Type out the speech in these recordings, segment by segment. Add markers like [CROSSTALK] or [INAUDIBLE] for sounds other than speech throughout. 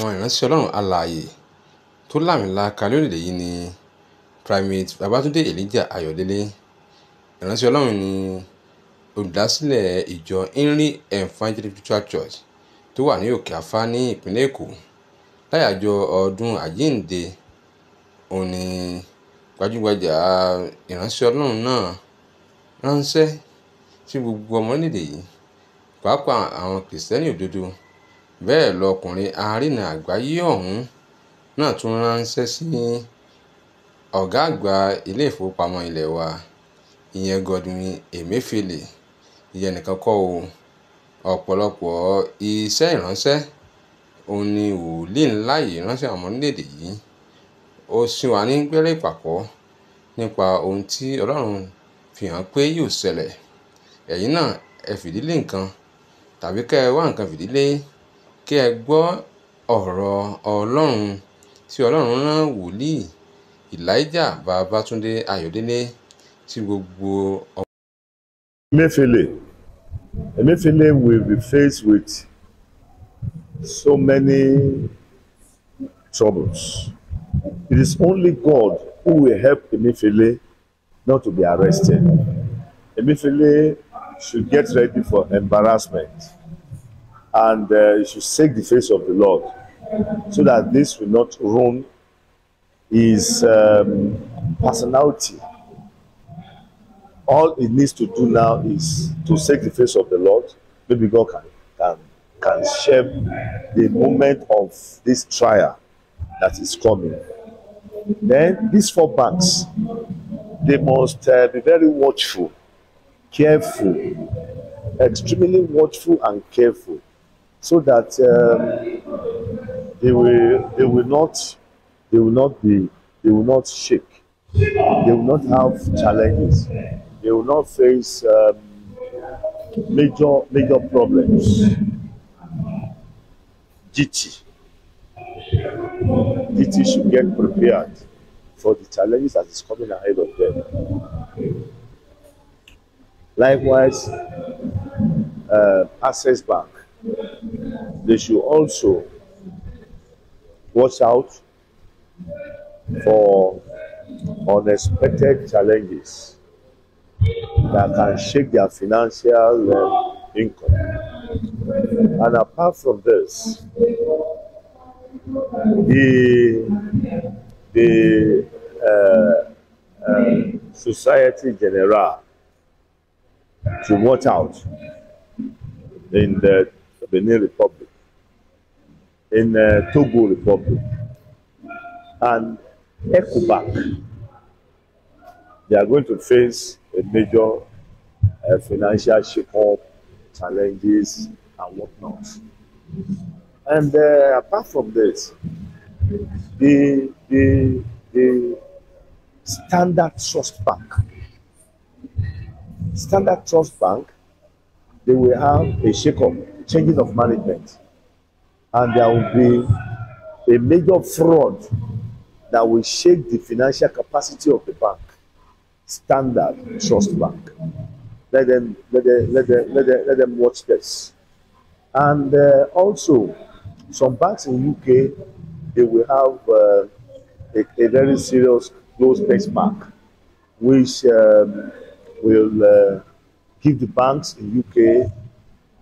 Àwọn ìránṣẹ́ Ọlọ́run alààyè tó làmìlaka lórílẹ̀ yìí ni Primate Babàtúndé Elijah Ayọ̀délé. Ìránṣẹ́ Ọlọ́run ni olùdásílẹ̀ ìjọ Henry Evangelical Church tó wà ní Òkè Afá ní ìpínlẹ̀ Èkó. Láyàjọ́ ọdún Àjíǹde, òun ni gbajúgbajà ìránṣẹ́ Ọlọ́run náà ránṣẹ́ sí gbogbo ọmọ orílẹ̀-èdè yìí, pàápàá àwọn Kìrìsìtẹ́nì òdodo bẹ́ẹ̀ lọkùnrin arínà àgbáyé ọ̀hún náà tún ránṣẹ́ sí ọ̀gá àgbà ilé ìfowópamọ́ ilé wa ìyẹn Godwin Emefiele ìyẹn nìkan kọ́ o ọ̀pọ̀lọpọ̀ iṣẹ́ ìránṣẹ́ òun ni wòlíì ńlá yìí ránṣẹ́ àwọn orílẹ̀-èdè yìí ó sì wà ní gbẹ́rẹ́ ìpàkọ́ nípa ohun tí Ọlọ́run fi hàn pé yóò ṣẹlẹ̀ ẹ̀yin náà ẹ fìdílé nǹkan tàbí kẹ́ ẹ wá nǹkan fìdílé kí ẹ gbọ́ ọ̀rọ̀ Ọlọ́run tí Ọlọ́run rán wòlíì Elijah Babátúndé Ayọ̀délé sí gbogbo ọmọ. Emefiele Emefiele will be faced with so many troubles. It is only God who will help Emefiele not to be arrested. Emefiele should get ready for embarrassment. and uh, you should seek the face of the Lord so that this will not ruin his um, personality. All it needs to do now is to seek the face of the Lord. Maybe God can, can, can shape the moment of this trial that is coming. Then these four banks, they must uh, be very watchful, careful, extremely watchful and careful so that um, they will they will not they will not be they will not shake they will not have challenges they will not face um, major major problems gt gt should get prepared for the challenges that is coming ahead of them likewise uh, access bank they should also watch out for unexpected challenges that can shake their financial um, income. And apart from this, the the uh, uh, society general to watch out in the Benin Republic, in uh, Togo Republic, and ECOBAC. They are going to face a major uh, financial shake-up, challenges, and whatnot. And uh, apart from this, the, the, the Standard Trust Bank, Standard Trust Bank, they will have a shake-up Changes of management. And there will be a major fraud that will shake the financial capacity of the bank, Standard Trust Bank. Let them, let them, let them, let them, let them watch this. And uh, also, some banks in UK, they will have uh, a, a, very serious closed benchmark, which um, will uh, give the banks in UK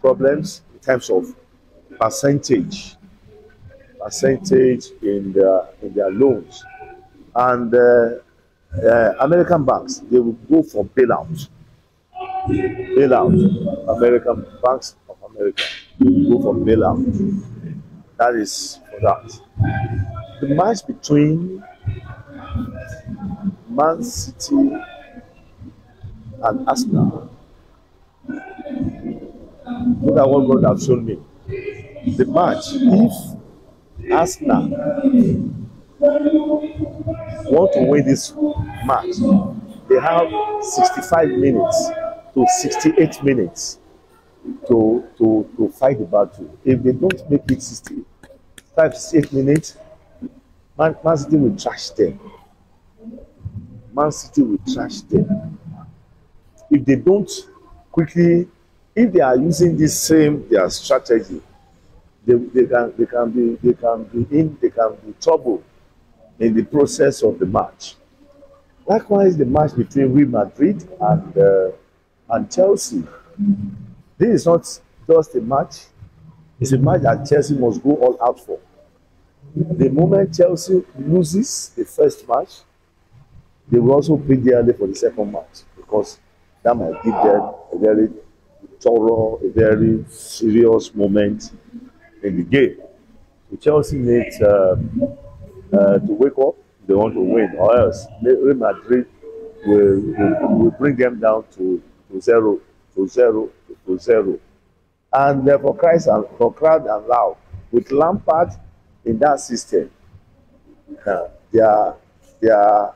problems terms of percentage, percentage in their in their loans, and uh, uh, American banks they will go for bailout, bailout. American banks of America they will go for bailout. That is for that. The match between Man City and Arsenal Look at what God has shown me. The match, if Arsenal want to win this match, they have 65 minutes to 68 minutes to, to, to fight the battle. If they don't make it 65, 68 minutes, Man, Man City will trash them. Man City will trash them. If they don't quickly if they are using the same their strategy, they, they can they can be they can be in they can be trouble in the process of the match. Likewise, the match between Real Madrid and uh, and Chelsea. This is not just a match; it's a match that Chelsea must go all out for. The moment Chelsea loses the first match, they will also play dearly for the second match because that might give them a very thorough, a very serious moment in the game. The Chelsea needs uh, uh, to wake up. They want to win, or else Real Madrid will, will, will bring them down to, to zero, to zero, to zero. And uh, for Christ and for crowd and loud, with Lampard in that system, uh, they are, they are,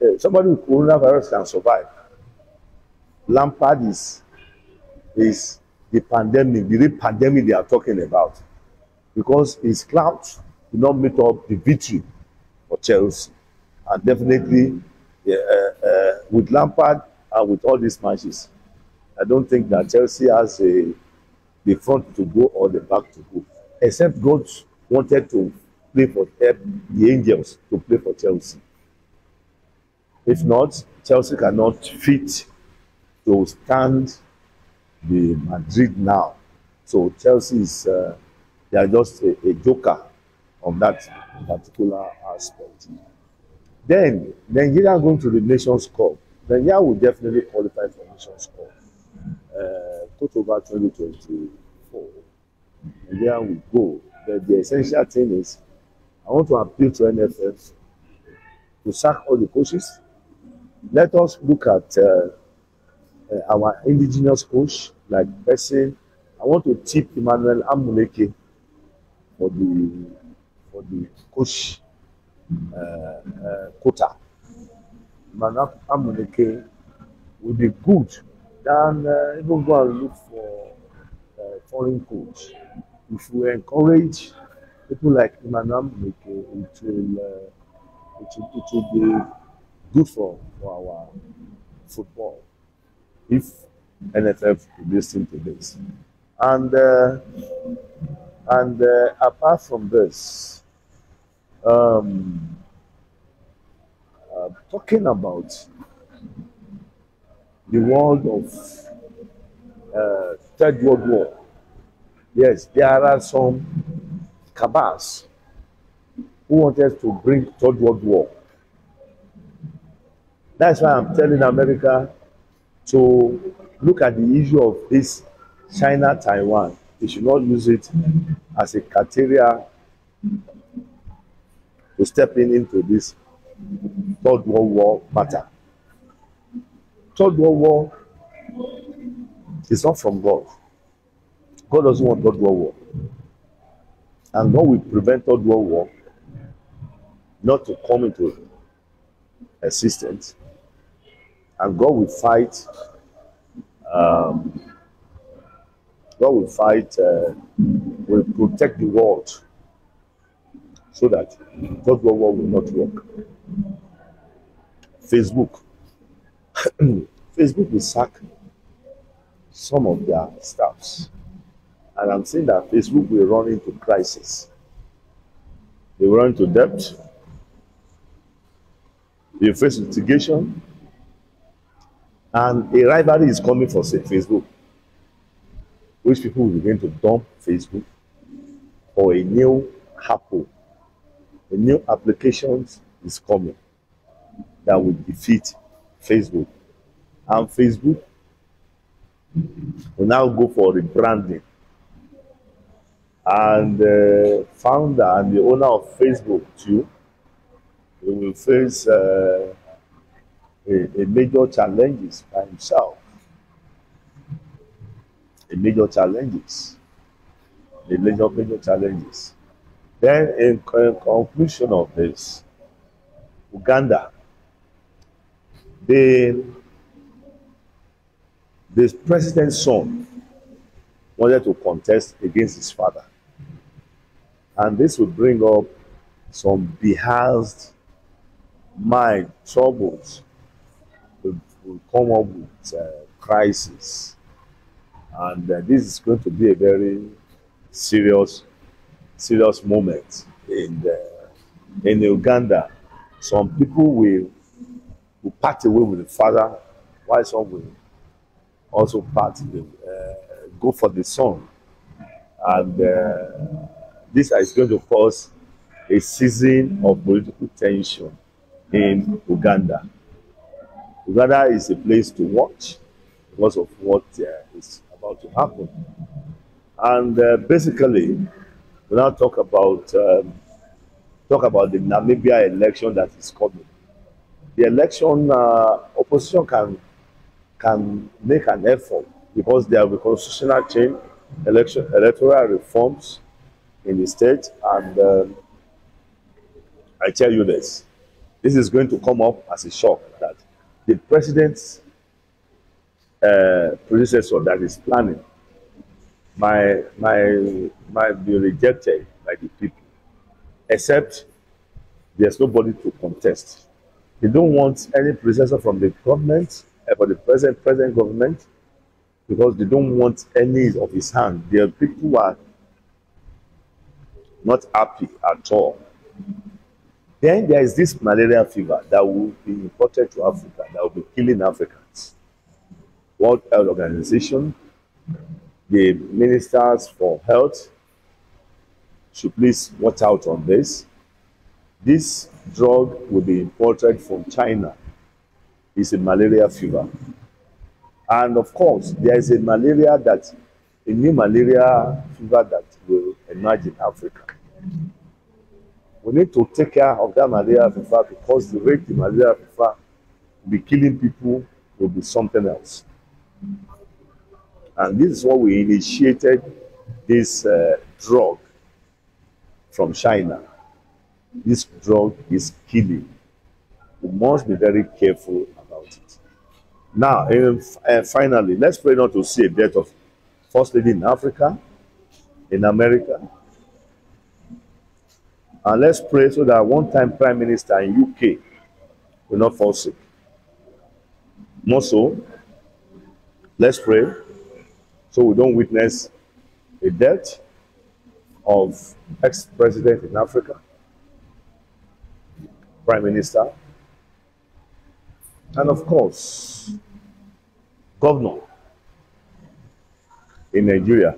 uh, somebody with coronavirus can survive. Lampard is is the pandemic, the real pandemic they are talking about. Because his clout did not meet up the victory for Chelsea. And definitely, uh, uh, with Lampard and with all these matches, I don't think that Chelsea has a, the front to go or the back to go. Except God wanted to play for the Angels to play for Chelsea. If not, Chelsea cannot fit to stand the Madrid now. So Chelsea is uh, they are just a, a joker on that particular aspect. Then Nigeria going to the Nations Cup. Nigeria will definitely qualify for Nations Cup. Uh, October 2024, Nigeria will go. But the essential thing is, I want to appeal to NFF to sack all the coaches. Let us look at. Uh, uh, our indigenous coach, like Bessie. I want to tip Emmanuel Amuleke for the for the coach uh, uh, quota. Emmanuel Amuleke would be good than uh, even go and look for uh, foreign coach. If we encourage people like Emmanuel Amuleke, it will, uh, it will it will be good for, for our football if NFF could listen to this. And, uh, and uh, apart from this, um, uh, talking about the world of uh, Third World War, yes, there are some cabals who wanted to bring Third World War. That's why I'm telling America to look at the issue of this China Taiwan. They should not use it as a criteria to step in into this Third World War matter. Third World War is not from God. God doesn't want Third World War. And God will prevent Third World War not to come into existence And God will fight, um, God will fight, uh, will protect the world so that God's war will not work. Facebook. [CLEARS THROAT] Facebook will sack some of their staffs. And I'm saying that Facebook will run into crisis. They will run into debt. They face litigation. And a rivalry is coming for say, Facebook, which people will begin to dump Facebook for a new Apple. A new application is coming that will defeat Facebook. And Facebook will now go for rebranding. And the uh, founder and the owner of Facebook, too, will face. Uh, a, a major challenges by himself. A major challenges. A major, major challenges. Then in, in conclusion of this, Uganda, the this president's son wanted to contest against his father. And this would bring up some behoused mind troubles will come up with uh, crisis. And uh, this is going to be a very serious, serious moment in, the, uh, in Uganda. Some people will, will part away with the father, while some will also part, the, uh, go for the son. And uh, this is going to cause a season of political tension in Uganda. Rather, it's a place to watch because of what uh, is about to happen. And uh, basically, we now talk about um, talk about the Namibia election that is coming. The election uh, opposition can can make an effort because there will be constitutional change, election electoral reforms in the state, and um, I tell you this: this is going to come up as a shock that the president's uh, predecessor that is planning my my my be rejected by the people, except there's nobody to contest. They don't want any predecessor from the government, uh, for the present present government, because they don't want any of his hand. There people are not happy at all Then there is this malaria fever that will be imported to Africa, that will be killing Africans. World Health Organization, the ministers for health should please watch out on this. This drug will be imported from China. It's a malaria fever. And of course, there is a malaria that, a new malaria fever that will emerge in Africa. We need to take care of that malaria fever because the rate the malaria fever be killing people will be something else. And this is why we initiated this uh, drug from China. This drug is killing. We must be very careful about it. Now, and, and uh, finally, let's pray not to see a death of First Lady in Africa, in America, And let's pray so that one time Prime Minister in UK will not fall sick. More so, let's pray so we don't witness a death of ex-president in Africa, prime minister, and of course, governor in Nigeria,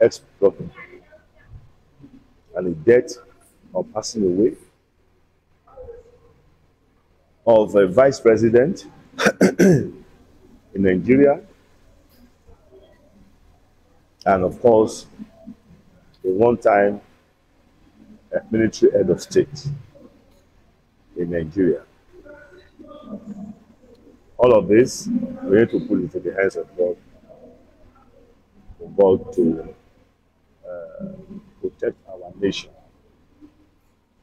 ex-governor, and a death or passing away, of a vice president [CLEARS THROAT] in Nigeria, and of course, a one time uh, military head of state in Nigeria. All of this, we need to put into the hands of God, for God to uh, protect our nation.